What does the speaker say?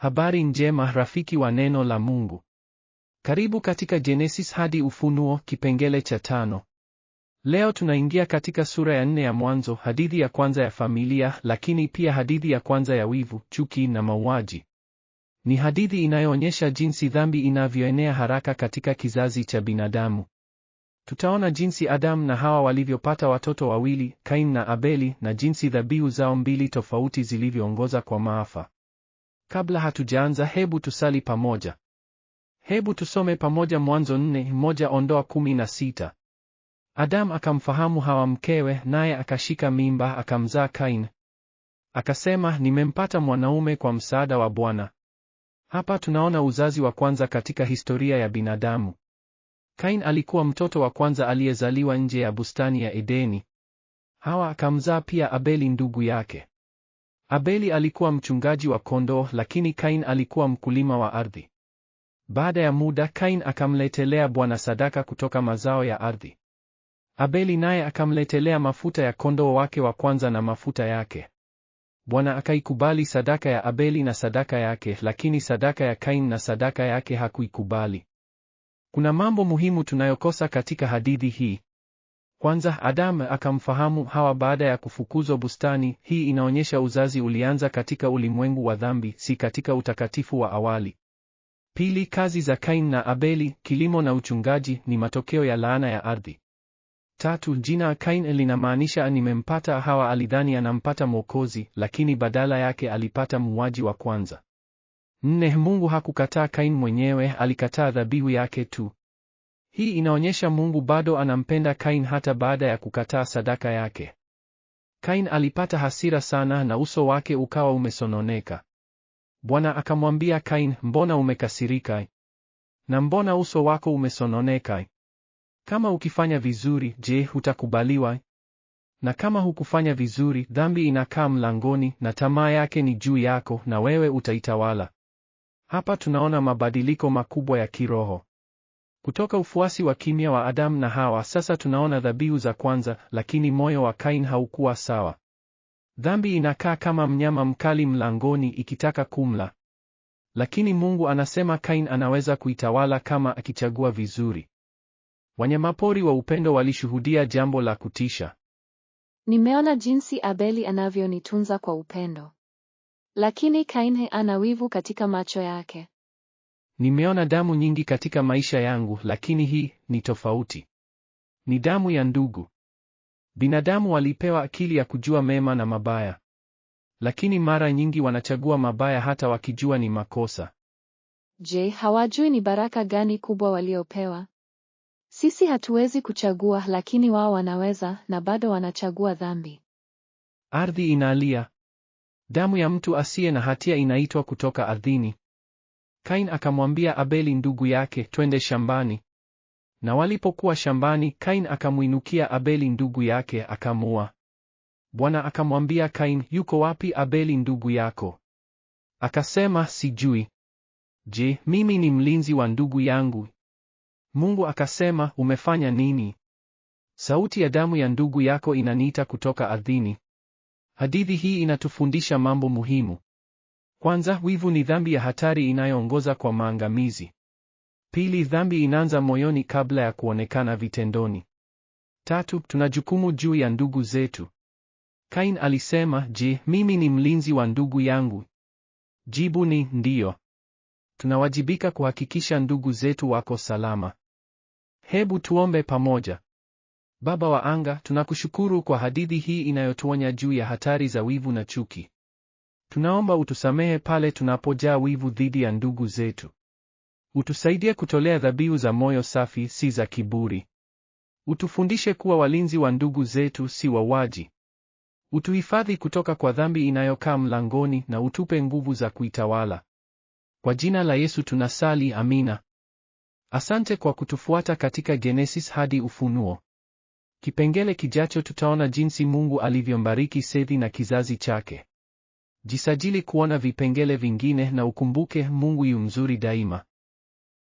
Habari njema rafiki wa neno la Mungu. Karibu katika Genesis hadi Ufunuo kipengele cha tano. Leo tunaingia katika sura ya nne ya Mwanzo, hadithi ya kwanza ya familia, lakini pia hadithi ya kwanza ya wivu, chuki na mauaji. Ni hadithi inayoonyesha jinsi dhambi inavyoenea haraka katika kizazi cha binadamu. Tutaona jinsi Adamu na Hawa walivyopata watoto wawili, Kain na Abeli, na jinsi dhabihu zao mbili tofauti zilivyoongoza kwa maafa. Kabla hatujaanza, hebu tusali pamoja. Hebu tusome pamoja Mwanzo nne moja ondoa kumi na sita. Adam akamfahamu Hawa mkewe, naye akashika mimba akamzaa Kain. Akasema, nimempata mwanaume kwa msaada wa Bwana. Hapa tunaona uzazi wa kwanza katika historia ya binadamu. Kain alikuwa mtoto wa kwanza aliyezaliwa nje ya bustani ya Edeni. Hawa akamzaa pia Abeli ndugu yake. Abeli alikuwa mchungaji wa kondoo, lakini Kain alikuwa mkulima wa ardhi. Baada ya muda, Kain akamletelea Bwana sadaka kutoka mazao ya ardhi. Abeli naye akamletelea mafuta ya kondoo wake wa kwanza na mafuta yake. Bwana akaikubali sadaka ya Abeli na sadaka yake, lakini sadaka ya Kain na sadaka yake hakuikubali. Kuna mambo muhimu tunayokosa katika hadithi hii. Kwanza Adam akamfahamu Hawa baada ya kufukuzwa bustani. Hii inaonyesha uzazi ulianza katika ulimwengu wa dhambi, si katika utakatifu wa awali. Pili, kazi za Kain na Abeli, kilimo na uchungaji, ni matokeo ya laana ya ardhi. Tatu, jina Kain linamaanisha nimempata Hawa. Alidhani anampata Mwokozi, lakini badala yake alipata muuaji wa kwanza. Nne, Mungu hakukataa Kain mwenyewe, alikataa dhabihu yake tu. Hii inaonyesha Mungu bado anampenda Kain hata baada ya kukataa sadaka yake. Kain alipata hasira sana na uso wake ukawa umesononeka. Bwana akamwambia Kain, mbona umekasirika? Na mbona uso wako umesononeka? Kama ukifanya vizuri, je, hutakubaliwa? Na kama hukufanya vizuri, dhambi inakaa mlangoni na tamaa yake ni juu yako na wewe utaitawala. Hapa tunaona mabadiliko makubwa ya kiroho. Kutoka ufuasi wa kimya wa Adamu na Hawa sasa tunaona dhabihu za kwanza, lakini moyo wa Kain haukuwa sawa. Dhambi inakaa kama mnyama mkali mlangoni ikitaka kumla. Lakini Mungu anasema Kain anaweza kuitawala kama akichagua vizuri. Wanyamapori wa upendo walishuhudia jambo la kutisha. Nimeona jinsi Abeli anavyonitunza kwa upendo. Lakini Kain ana wivu katika macho yake. Nimeona damu nyingi katika maisha yangu, lakini hii ni tofauti. Ni damu ya ndugu. Binadamu walipewa akili ya kujua mema na mabaya, lakini mara nyingi wanachagua mabaya hata wakijua ni makosa. Je, hawajui ni baraka gani kubwa waliopewa? Sisi hatuwezi kuchagua, lakini wao wanaweza, na bado wanachagua dhambi. Ardhi inalia. Damu ya mtu asiye na hatia inaitwa kutoka ardhini. Kain akamwambia Abeli ndugu yake, twende shambani. Na walipokuwa shambani, Kain akamwinukia Abeli ndugu yake akamua. Bwana akamwambia Kain, yuko wapi Abeli ndugu yako? Akasema, sijui. Je, mimi ni mlinzi wa ndugu yangu? Mungu akasema, umefanya nini? Sauti ya damu ya ndugu yako inaniita kutoka ardhini. Hadithi hii inatufundisha mambo muhimu. Kwanza, wivu ni dhambi ya hatari inayoongoza kwa maangamizi. Pili, dhambi inaanza moyoni kabla ya kuonekana vitendoni. Tatu, tuna jukumu juu ya ndugu zetu. Kain alisema, je, mimi ni mlinzi wa ndugu yangu? Jibu ni ndiyo. Tunawajibika kuhakikisha ndugu zetu wako salama. Hebu tuombe pamoja. Baba wa anga, tunakushukuru kwa hadithi hii inayotuonya juu ya hatari za wivu na chuki. Tunaomba utusamehe pale tunapojaa wivu dhidi ya ndugu zetu. Utusaidie kutolea dhabihu za moyo safi, si za kiburi. Utufundishe kuwa walinzi wa ndugu zetu, si wawaji. Utuhifadhi kutoka kwa dhambi inayokaa mlangoni na utupe nguvu za kuitawala. Kwa jina la Yesu tunasali, amina. Asante kwa kutufuata katika Genesis hadi Ufunuo. Kipengele kijacho tutaona jinsi Mungu alivyombariki Sethi na kizazi chake. Jisajili kuona vipengele vingine na ukumbuke Mungu yu mzuri daima.